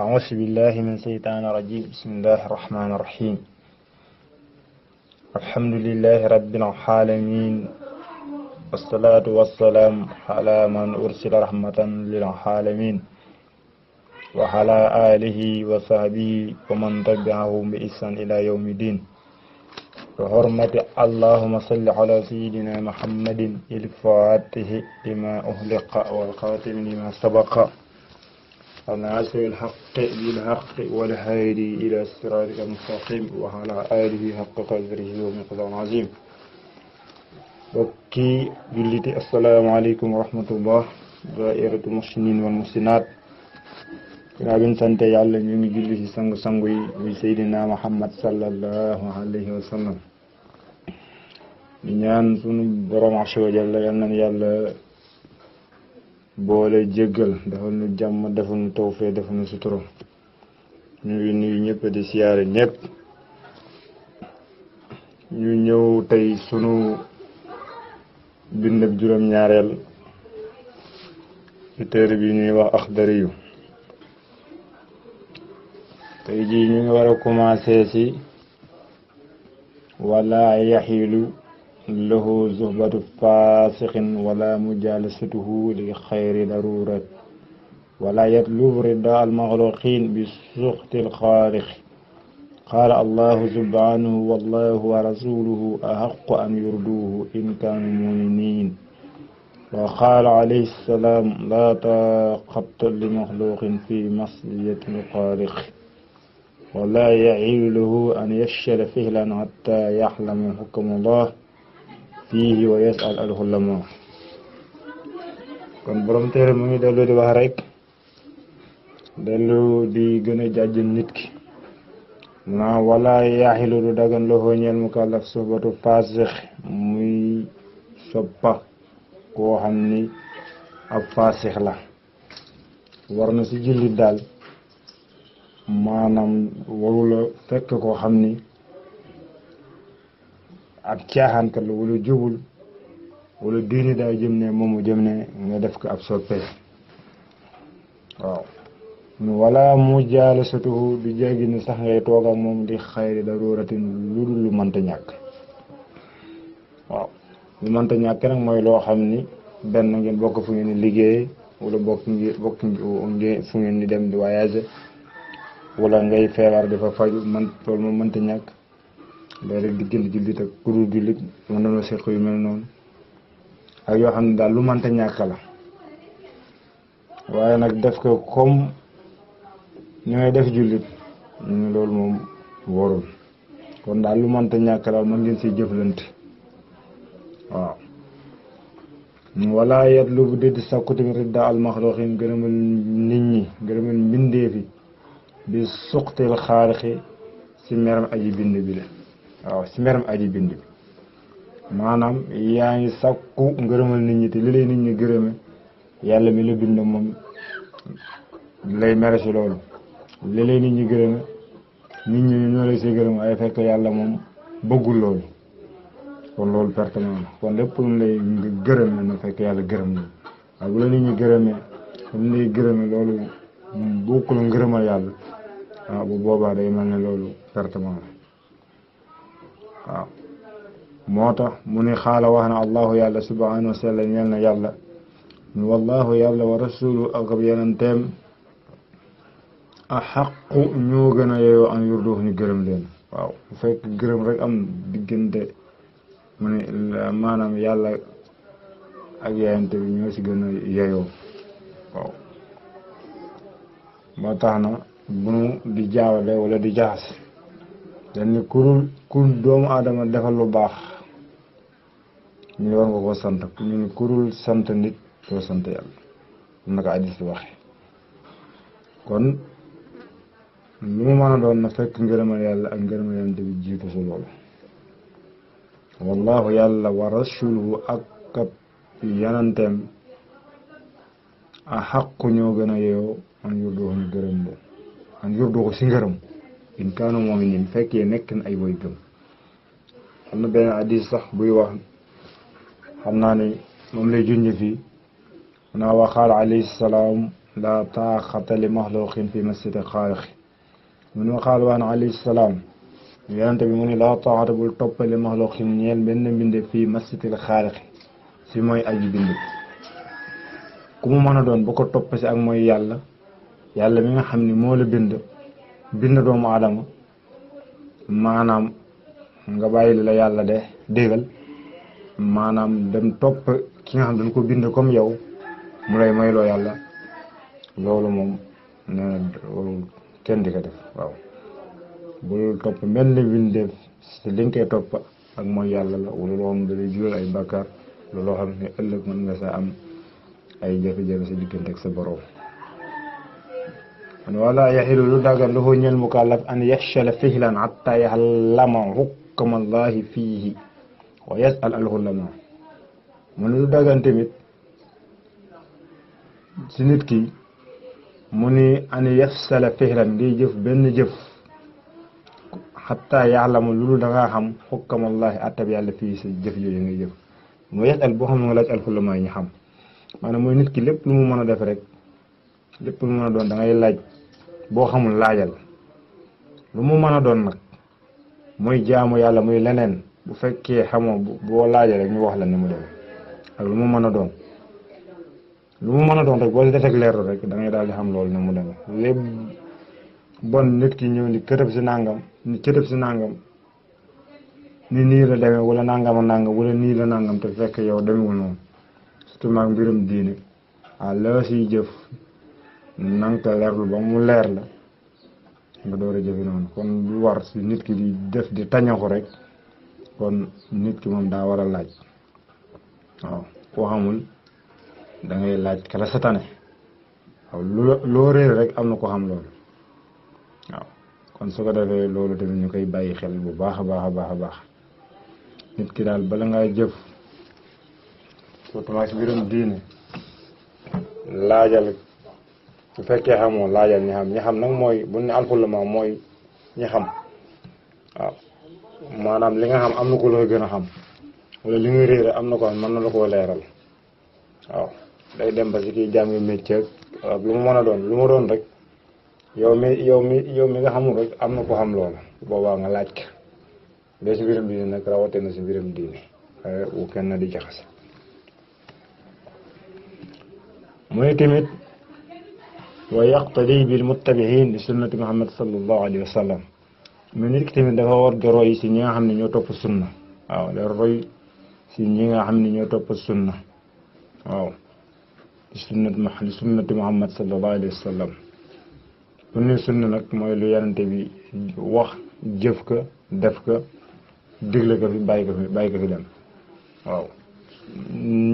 أعوذ بالله من الشيطان الرجيم بسم الله الرحمن الرحيم الحمد لله رب العالمين والصلاة والسلام على من أرسل رحمة للعالمين وعلى آله وصحبه ومن تبعهم بإحسان إلى يوم الدين بحرمة اللهم صل على سيدنا محمد الفاتح لما أهلق والخاتم لما سبق العاشر الحق بالحق والهادي إلى صراطك المستقيم وعلى آله حق قدره ومقدار عظيم وكي جلتي السلام عليكم ورحمة الله دائرة المسلمين والمسلمات ginaaw bi ñu sant yàlla ñu ngi julli ci sangu-sangu yi muy Seydina Muhammad sallallahu alayhi wa sallam ñaan sunu borom azza wa jalla yal nañu yàlla boole jéggal defal nu jàmm defal nu tawfee defal nu sutura ñu ngi nuyu ñëpp di siyaare ñëpp ñu ñëw tey sunu bind ak juróom-ñaareel ci téere bi ñuy wax Axdari yu tey jii ñu ngi war a ci wala yaxiilu له زهبة فاسق ولا مجالسته لخير ضرورة ولا يطلب رضا المخلوقين بسخط الخارخ قال الله سبحانه والله ورسوله أحق أن يردوه إن كانوا مؤمنين وقال عليه السلام لا طاقة لمخلوق في معصية الخالق ولا يعيله أن يفشل فهلا حتى يحلم حكم الله fiihi wa yas'al al kon boroom téere mu ngi dellu di wax rek dellu di gën a jàjj nit ki naa wala yaaxilu du dagan loxo ñeel mukallaf suhbatu faasix muy soppa koo xam ni ab faasix la war na si jullit daal maanaam warula fekk koo xam ni ab caaxaankat la wala jubul wala diini da jëm ne momu mu jëm ne nga def ko ab waaw wala mu jaalasatuhu du jéggi ni sax ngay toog ak di xayri daruratin lu dul lu manta ñak waaw lu manta ñak nak moy lo xamni ben ngeen bokk fu ngeen wala bokk ngi bokk ngi fu ngeen ni dem di voyage wala ngay febar defa fa faju man tol mo manta ñak léeg-léeg diggante jullit ak kuréel jullit mën nañoo seq yu mel noonu ak yoo xam ne daal lu mënta ñàkk la waaye nag def ko kom ñooy def jullit ñu loolu moom warul kon daal lu mënta ñàkk la mën ngeen si jëflant waaw wala yat lu bu dédi sakku tamit ridda almaxluqin gërëmal nit ñi gërëmal mbindeefi bi suqtil xaarixi si meram aji bind bi la waaw si meram aji bind maanaam yaa ngi sakku ngërëmal nit ñi te li lay nit ñi gërëme yàlla mi la bind moom lay mere si loolu li lay nit ñi gërëme nit ñi ñoo lay see gërëm ay fekk yàlla moom bëggul loolu kon loolu perte na kon lépp lu lay gërëme na fekk yàlla gërëm na waaw bu la nit ñi gërëmee lu gërëme loolu bokkul ngërëmal yàlla bu boobaa day mel ne loolu perte na waaw moo tax mu ni xaala wax na allahu yàlla subhanahu wa taala ñeel na yàlla wallahu yàlla wa rasulu ak ab yenanteem a xaqu ñoo gën a yeyoo an yurduhu ñu gërëm leen waaw bu fekk gërëm rek am diggante mu ne maanaam yàlla ak yeyante bi ñoo si gën a yeyoo waaw moo tax na bunu di jaawale wala di jaxas dañ ne kurul kurul doomu aadama defal lu baax ñu ne war nga koo sant ñu ne kurul sant nit ko sant yàlla na kon lu mu mën a doon na fekk ngërëmal yàlla ak ngërëmal yàlla bi jiitu su loolu wallahu yàlla wa rasuluhu ak kab yananteem a xaqu ñoo gën a yeew an yurdu ko ñu gërëm an yurdu ko si ngërëm in kaanu muminin fekkee nekk na ay way gëm am na benn hadis sax buy wax xam naa ne moom lay junj fii naa waxaal alayhi salaam la taaxata li maxluqin fi masjidi xaaliqi mu ne waxaal waan alayhi salaam yonente bi mu ne laa taaxata bul toppali maxluqin ñeel benn mbinde fii masjidi xaaliqi si mooy aji bind ku mu mën doon bu ko topp si ak mooy yàlla yàlla mi nga xam ni moo la bind doomu aadama maanaam nga bàyyi li la yàlla de dégal maanaam dem topp ki nga xam dañ ko bind comme yow mu lay mayloo yàlla loolu moom nee na kenn di ko def waaw bul topp mel ni bindeef si li nga topp ak mooy yàlla la wala loo xam ne dalay jural ay bàkkaar looloo xam ne ëllëg mën nga sa am ay jafe-jafe sa diggante ak sa borom. wala yaxilu lu dagan lahu ñel mukallaf an yafcala fihlan xata yaxlama xukma allahi fiihi wa yasal alxulama mu ne lu dagan tamit si nit ki mu ni an yafsala fihlan di jëf benn jëf xata yaxlama loolu da ngaa xam xukkam allahi attab yàlla fii sa jëf yooyu ngay jëf mu yasal boo xam ne nga laaj alxulama yi ñu xam maanaam mooy nit ki lépp lu mu mën a def rek lépp lu mu mën a doon da ngay laaj boo xamul laajal lu mu mën a doon nag muy jaamu yàlla muy leneen bu fekkee xamoo boo laajee rek ñu wax la ni mu demee ak lu mu mën a doon lu mu mën a doon rek boo defee leer rek da daal di xam loolu ni mu demee lépp bon nit ki ñëw ni kërëb si nangam ni cërëb si nàngam ni nii la demee wala nangam a nangam wala nii la nangam te fekk yow demewul noonu surtout maag mbirum diine ah la jëf. na nga ko leerlu ba mu leer la nga door a jëfe noonu kon lu war si nit ki di def di tañaxu rek kon nit ki moom daa waral laaj waaw koo xamul da ngay laaj kala sa tane rek am na ko xam loolu waaw kon su ko defee loolu tamit ñu koy bàyyi xel bu baax a baax a baax a baax nit ki daal bala ngaa jëf surtout si mbirum diine laajal bu fekkee xamoo laajal ñi xam xam nag mooy bu ne alxulama mooy ñi xam waaw maanaam li nga xam am na ko la gën a xam wala li nga réere am na ko mën na la koo leeral waaw dem ba si kii jàngi métier ak mu mën a doon lu ma doon rek yow mi yow mi yow mi nga xamul rek am na ko xam loolu boobaa nga laaj ka ba si mbiram diine nag rawate na si mbiram diine wu kenn di jaxase mu ne ويقتدي بالمتبعين لسنة محمد صلى الله عليه وسلم من الكتاب ده هو الرأي سنيا هم نيوتوب السنة أو آه، الرأي سنيا هم نيوتوب السنة أو آه، لسنة محمد لسنة محمد صلى الله عليه وسلم كل سنة لك ما يلي أن تبي وح جفك دفك دغلك في بايك في بايك في دم أو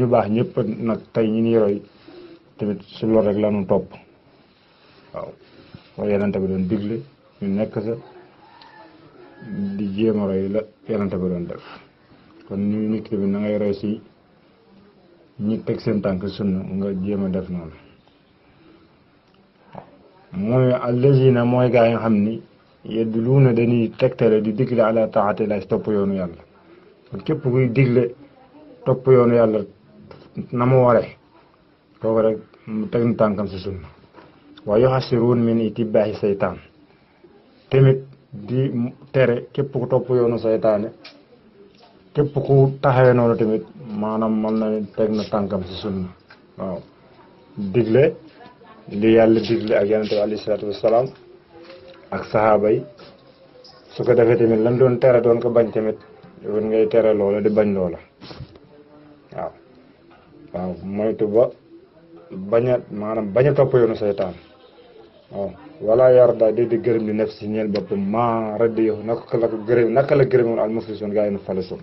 نبأ نبأ نكتي نيروي تبي سلوا رجلا نطبق waaw mooy bi doon digle ñu nekk sa di jéem a roy la yonent bi doon def kon ñu nit ki na ngay roy si ñi teg seen tànk sunna nga jéem a def noonu mooy allazina mooy gaa yi nga xam ni lu yadluuna dañuy tegtale di digle ala taati laay topp yoonu yàlla kon képp kuy digle topp yoonu yàlla na mu waree kooku rek mu teg na tànkam si sunna wa yuhasirun min itibahi shaytan temit di tere kep ko top yoonu seytaane kep ko taxawee nonu temit manam man na tek na tankam ci sunna wa digle li yalla digle ak yonente bi alayhi salaatu wasalaam ak sahaaba yi su ko defee tamit lan doon tere doon ko bañ temit won ngay tere di bañ loola waaw moytu ba bañ a maanaam bañ a waaw wala yarda day di gërëm di naf si ñeel boppam ma raddi yow naka la ko gërëm naka la gërëmoon al muflisoon gaa yi nu falesoon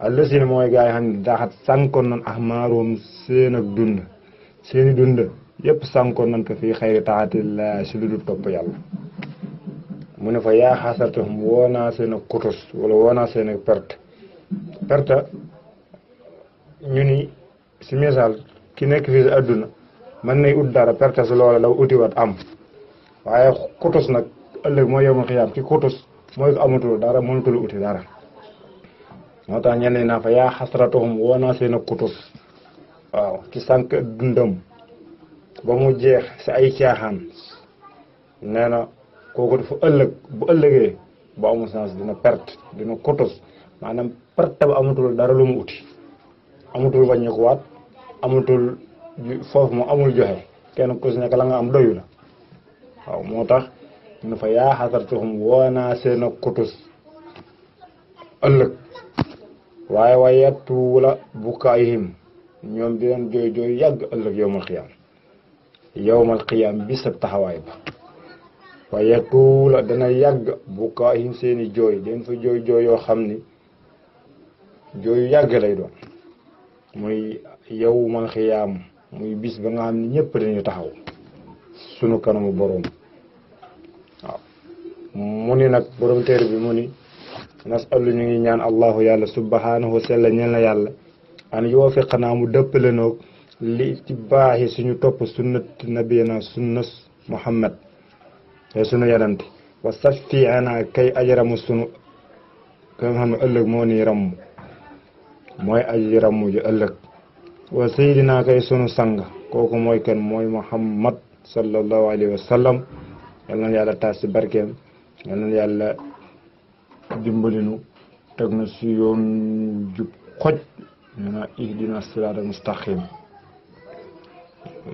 allësine mooy gaa yi xam ne daaxat nan ahmaaroom seen ak dund seeni dund yëpp sànkoon nan ko fii xayri taatilla si lu dul topp yàlla mu ne fa yaa xasartahum woo naa seen ak kutus wala woo naa seen ak ñu ni si misaal ki nekk fii si àdduna man nay ud dara perte si la uti wat am waaye kutus nag ëllëg mooy yëmu xiyaam ki kutus mooy ko amatul dara mënatul uti dara moo tax ñenn naa fa yaa xasratuhum woo naa seen a xutus waaw ci sànq dundam ba mu jeex si ay caaxaan nee na kooku dafa ëllëg bu ëllëgee bu amul sens dina perte dina xutus maanaam perte ba amatul dara lu mu uti amatul amatul foofu moom amul joxe kenn ku si nekk la nga am doyu la waaw moo tax ñu ne fa yaa xasartuhum woo naa seen ak kutus ëllëg waaye waaye yettu la bukaayihim ñoom di leen jooy jooy yàgg ëllëg yowmal xiyaam yowmal xiyaam bi sa taxawaay ba waaye yettu la dana yàgg bukaayihim seen i jooy dañ fa jooy jooy yoo xam ni jooyu yàgg lay doon muy yowmal xiyaam muy bis ba nga xam ne ñëpp dañu taxaw sunu kanamu boroom mu ni nag borom téere bi mu ni nasalu ñu ngi ñaan allahu yàlla subhanahu sella ñel na yàlla an yoo fi xanaa mu dëppalenoog li ci baaxi suñu topp sunnat nabiyana sunna muhammad te sunu yanante wa safi ana kay ajaramu sunu ka nga xam ne ëllëg moo ni ramm mooy aji ramm ju ëllëg wa sayyidina kay sunu sang kooku mooy kenn mooy muhammad sallallahu alayhi wa sallam yal na yàlla taas ci barkeem yal na yàlla dimbalinu teg na si yoon jub xoj nee na ihdina siraata mustaqim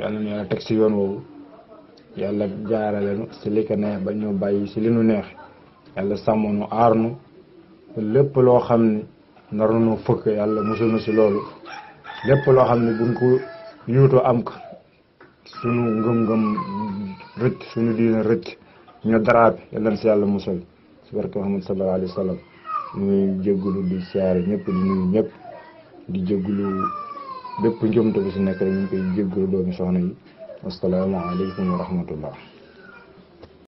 yal yàlla teg si yoon woowu yàlla jaaralenu si li ko ba ñu bàyyi si li nu neex yàlla aar nu lépp loo xam ni naru nu fëkk yàlla musul na si loolu lépp loo xam ne buñ ko yuutoo am ko sunu ngëm-ngëm rëcc sunu diine rëcc ñu daraat yàlla na si yàlla musal si barke Muhammad sallallahu alayhi wa sallam muy jégalu di siyaare ñëpp di nuyu ñëpp di jégalu bépp njumte bu si nekk rek ñu ngi soxna yi asalaamaaleykum wa rahmatullah